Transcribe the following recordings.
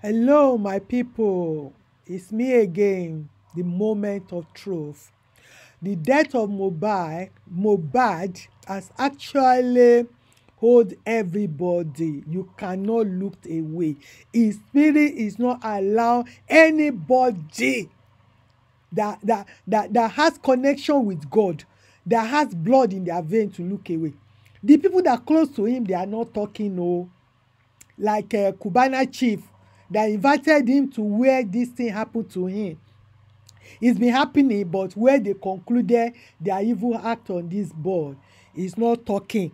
Hello, my people. It's me again, the moment of truth. The death of Mohbad, Mohbad has actually hold everybody. You cannot look away. His spirit is not allow anybody that, that, that, that has connection with God, that has blood in their vein to look away. The people that close to him, they are not talking, no. Oh. Like a uh, Kubana chief that invited him to where this thing happened to him it's been happening but where they concluded their evil act on this board is not talking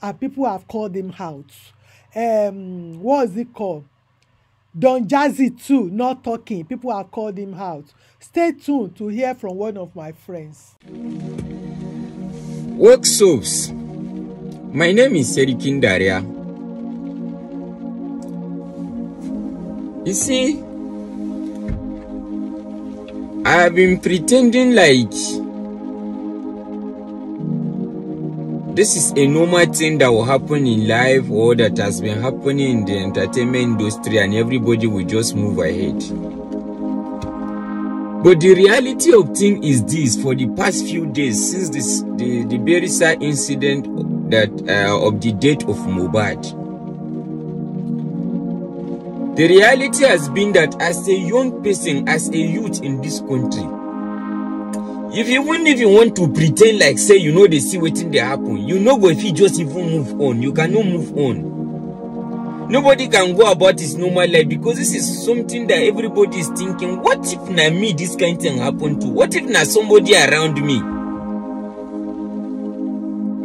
and people have called him out um, what is it called don jazzy too not talking people have called him out stay tuned to hear from one of my friends. work soaps my name is serikin daria You see, I have been pretending like this is a normal thing that will happen in life or that has been happening in the entertainment industry and everybody will just move ahead. But the reality of thing is this, for the past few days since this, the, the Berisa incident that uh, of the date of Mubad, The reality has been that as a young person, as a youth in this country, if you if even want to pretend like say you know they see wetin dey happen, you know if you just even move on. You cannot move on. Nobody can go about his normal life because this is something that everybody is thinking. What if na me this kind of thing happen to? What if na somebody around me?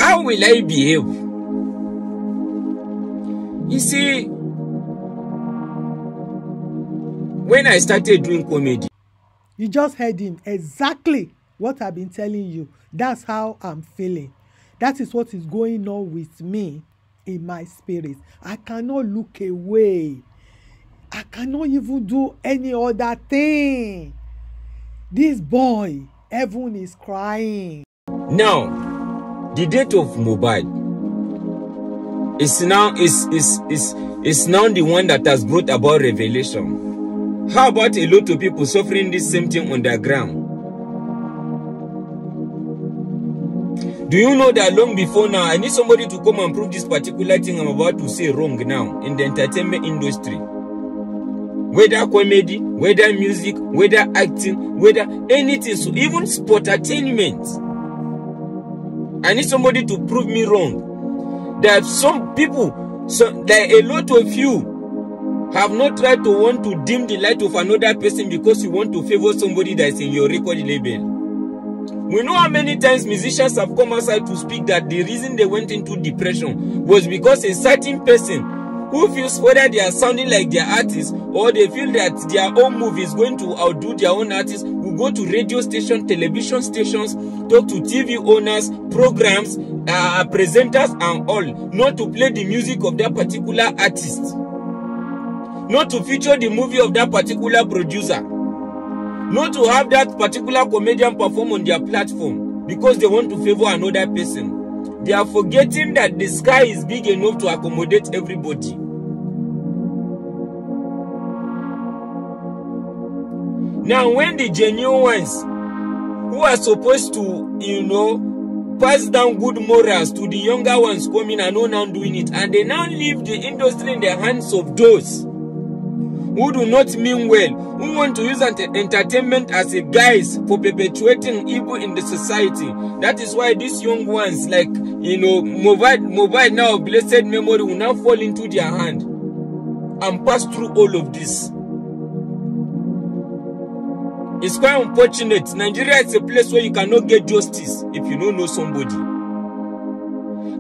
How will I behave? You see. when I started doing comedy. You just heard him exactly what I've been telling you. That's how I'm feeling. That is what is going on with me in my spirit. I cannot look away. I cannot even do any other thing. This boy, heaven is crying. Now, the date of mobile is now is is is is now the one that has brought about revelation. How about a lot of people suffering this same thing on the ground? Do you know that long before now, I need somebody to come and prove this particular thing I'm about to say wrong now in the entertainment industry. Whether comedy, whether music, whether acting, whether anything, so even sport attainment. I need somebody to prove me wrong. That some people, so, there are a lot of you Have not tried to want to dim the light of another person because you want to favor somebody that is in your record label. We know how many times musicians have come outside to speak that the reason they went into depression was because a certain person who feels whether they are sounding like their artist or they feel that their own move is going to outdo their own artist will go to radio stations, television stations, talk to TV owners, programs, uh, presenters and all, not to play the music of that particular artist. not to feature the movie of that particular producer, not to have that particular comedian perform on their platform because they want to favor another person. They are forgetting that the sky is big enough to accommodate everybody. Now, when the genuine ones who are supposed to, you know, pass down good morals to the younger ones coming and now doing it, and they now leave the industry in the hands of those who do not mean well, who want to use entertainment as a guise for perpetuating evil in the society. That is why these young ones, like, you know, Mobile, mobile now, blessed memory, will now fall into their hand and pass through all of this. It's quite unfortunate. Nigeria is a place where you cannot get justice if you don't know somebody.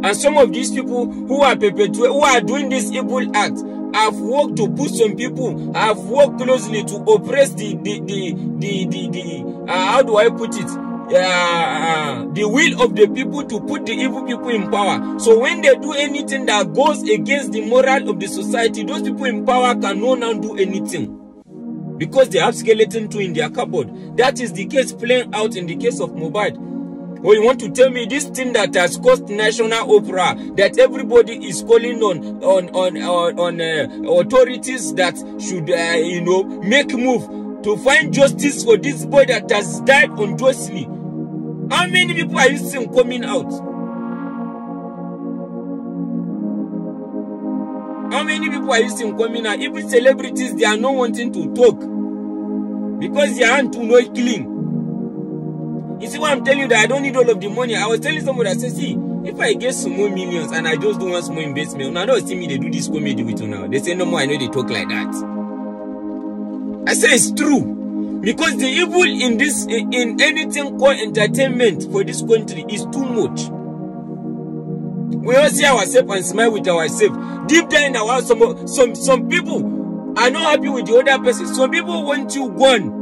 And some of these people who are perpetuating, who are doing this evil act, I've worked to push some people, I've worked closely to oppress the, the, the, the, the, the uh, how do I put it? Uh, uh, the will of the people to put the evil people in power. So when they do anything that goes against the moral of the society, those people in power can no now do anything because they have skeleton two in their cupboard. That is the case playing out in the case of mobile. Or oh, you want to tell me this thing that has caused national opera that everybody is calling on on on on, on uh, authorities that should uh, you know make move to find justice for this boy that has died unjustly. How many people are you seeing coming out? How many people are you seeing coming out? Even celebrities, they are not wanting to talk because their hand to no clean. You see why I'm telling you that I don't need all of the money? I was telling somebody, I said, see, if I get some more millions and I just do one small investment, now don't see me, they do this comedy with you now. They say, no more, I know they talk like that. I say it's true. Because the evil in this, in, anything called entertainment for this country is too much. We all see ourselves and smile with ourselves. Deep down in our some, some, some people are not happy with the other person. Some people want you gone.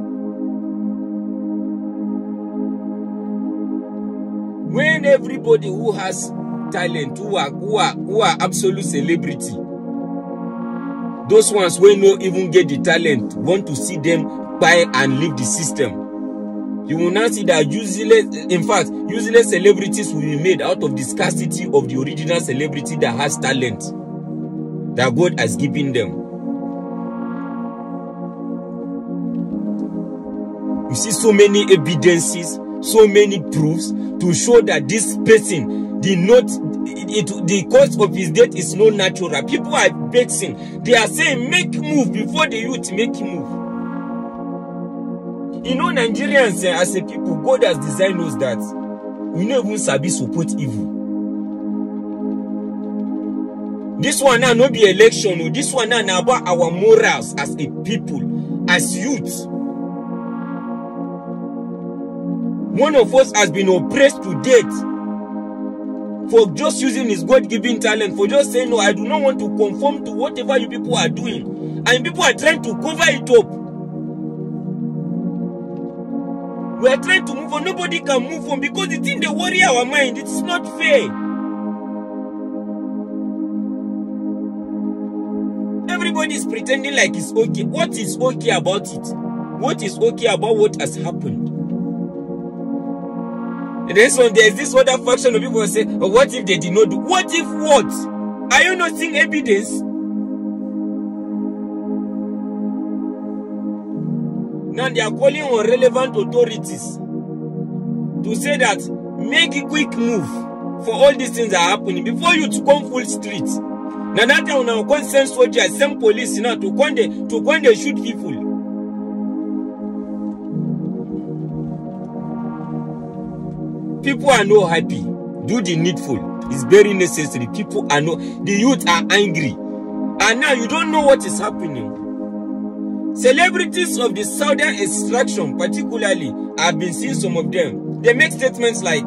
everybody who has talent, who are, who are, who are absolute celebrity, those ones who no even get the talent, want to see them buy and leave the system. You will now see that useless, in fact, useless celebrities will be made out of the scarcity of the original celebrity that has talent that God has given them. You see so many evidences, so many proofs, to show that this person the note it, it the cause of his death is no natural people are betting they are saying make move before the youth make move you know nigerians eh, as a people god has designed us that we know even sabi support evil this one now no be election oh. this one now na about our morals as a people as youth One of us has been oppressed to death for just using his God-given talent, for just saying, no, I do not want to conform to whatever you people are doing. And people are trying to cover it up. We are trying to move on. Nobody can move on because it's in the worry our mind. It's not fair. Everybody is pretending like it's okay. What is okay about it? What is okay about what has happened? And this one, there's this other faction of people say, oh, what if they did not do? What if what? Are you not seeing evidence? Now they are calling on relevant authorities to say that make a quick move for all these things that are happening before you to come full street. Now that time now, consent soldiers, same police now to come they, to come they shoot people. people are not happy do the needful it's very necessary people are not the youth are angry and now you don't know what is happening celebrities of the southern extraction particularly i've been seeing some of them they make statements like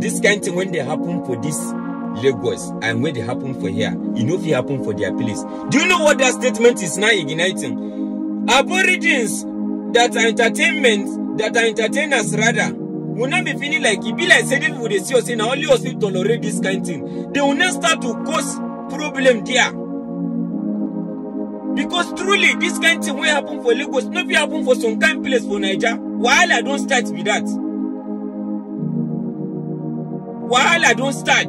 this kind of thing when they happen for this Lagos and when they happen for here, you know if it happen for their place. Do you know what that statement is now igniting? Aborigines that are entertainment that are entertainers rather will now be feeling like e be like say people they see us say na only us fit tolerate this kind thing they will now start to cause problem there because truly this kind thing will happen for lagos not be happen for some kind place for While I don't start with that while I don't start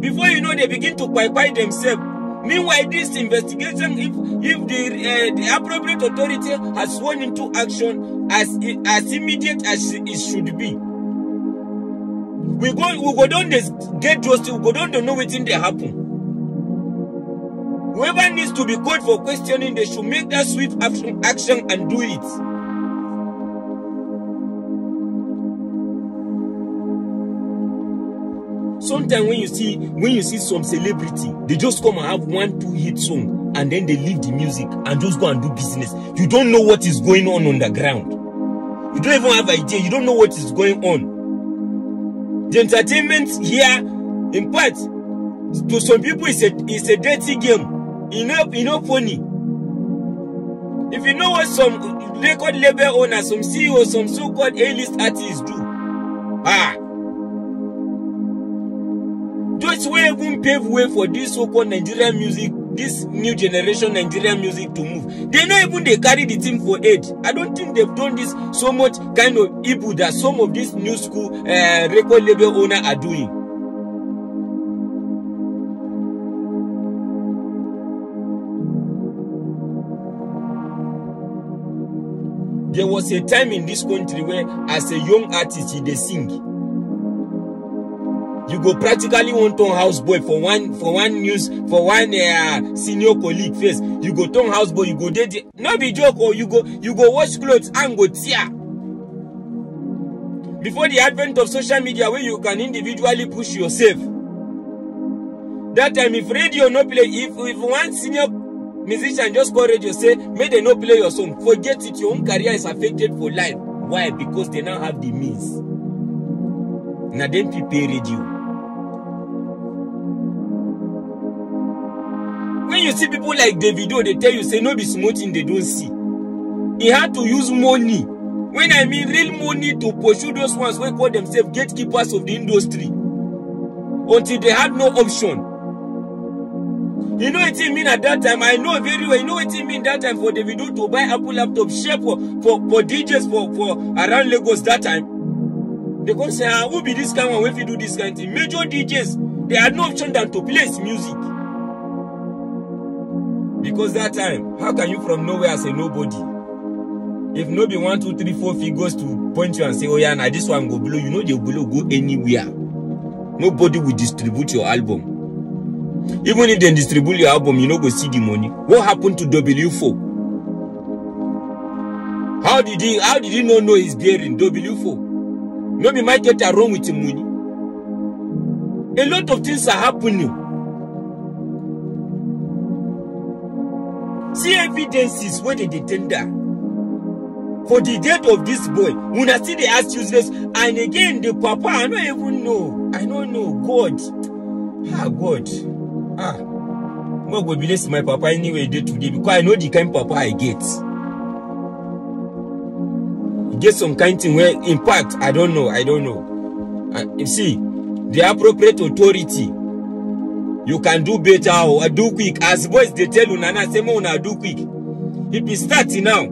before you know they begin to quiet themselves Meanwhile, this investigation, if if the uh, the appropriate authority has sworn into action as as immediate as it should be, we go we go down the get justice. We go down to know within they happen. Whoever needs to be called for questioning, they should make that swift action and do it. Sometimes when you see when you see some celebrity, they just come and have one two hit song and then they leave the music and just go and do business. You don't know what is going on on the ground. You don't even have idea. You don't know what is going on. The entertainment here, in part, to some people, is a it's a dirty game. You know, you know, funny. If you know what some record label owners, some CEOs, some so-called A-list artists do, ah, This way even pave way for this so-called Nigerian music, this new generation Nigerian music to move. They know even they carry the team for age. I don't think they've done this so much kind of evil that some of these new school uh, record label owner are doing. There was a time in this country where as a young artist, they sing. you go practically one turn houseboy for one for one news for one uh, senior colleague face you go turn houseboy you go dey there no be joke or oh, you go you go wash clothes and go tear before the advent of social media where you can individually push yourself that time if radio no play if if one senior musician just call radio say make they no play your song forget it your own career is affected for life why because they now have the means Now dem prepare radio when you see people like davido they tell you say no be smoking." they don't see He had to use money when i mean real money to pursue those ones wey call themselves gatekeepers of the industry until they had no option you know what wetin mean at that time i know very well you know what wetin mean that time for davido to buy apple laptop share for for for djs for for around lagos that time they come say ah who be this kind one wey fit do this kind of thing major djs they had no option than to place music Because that time, how can you from nowhere say nobody? If nobody one, two, three, four figures to point you and say, oh yeah, now this one go below, you know they below go anywhere. Nobody will distribute your album. Even if they distribute your album, you know go see the money. What happened to W4? How did he how did he not know his bearing W4? Nobody might get around with the money. A lot of things are happening. see evidences wey dem dey tender for the death of this boy una still dey ask useless and again the papa i no even know i no know god ah god ah no go bless my papa anyway dey today because i know the kind papa i get e get some kind thing wey impact i don't know i don't know and ah, see the appropriate authority you can do better or oh, do quick as boys they tell you, "Nana, say make do quick It be starting now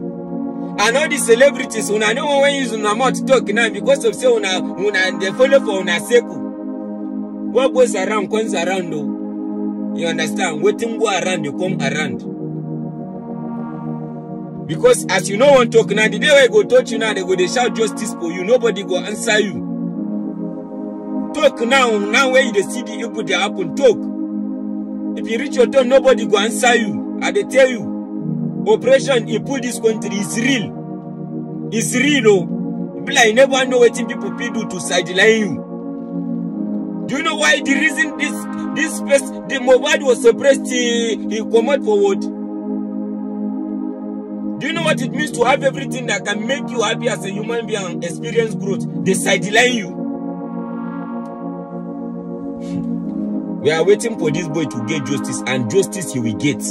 and all these celebrities una no wan use una mouth talk now because of say una una they follow for una circle what goes around comes around o oh. you understand Waiting, go around You come around because as you know, one talk now the day I go touch you now they go they shout justice for you nobody go answer you talk now now when you see the evil dey happen talk. If you reach your turn, nobody go answer you. I they tell you, operation in pull this country is real. It's real, oh. Be like, never know what people do to sideline you. Do you know why the reason this this place, the mobile was suppressed, he, he come out forward? Do you know what it means to have everything that can make you happy as a human being and experience growth? They sideline you. We are waiting for this boy to get justice, and justice he will get.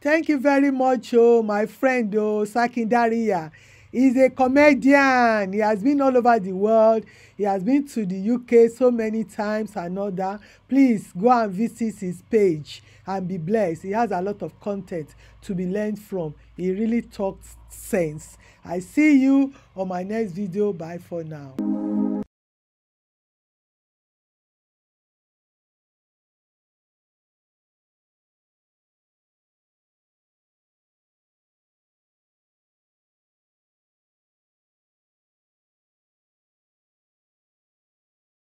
Thank you very much, oh, my friend, oh, Sakindaria, He's a comedian. He has been all over the world. He has been to the UK so many times and all that. Please go and visit his page and be blessed. He has a lot of content to be learned from. He really talks sense. I see you on my next video. Bye for now.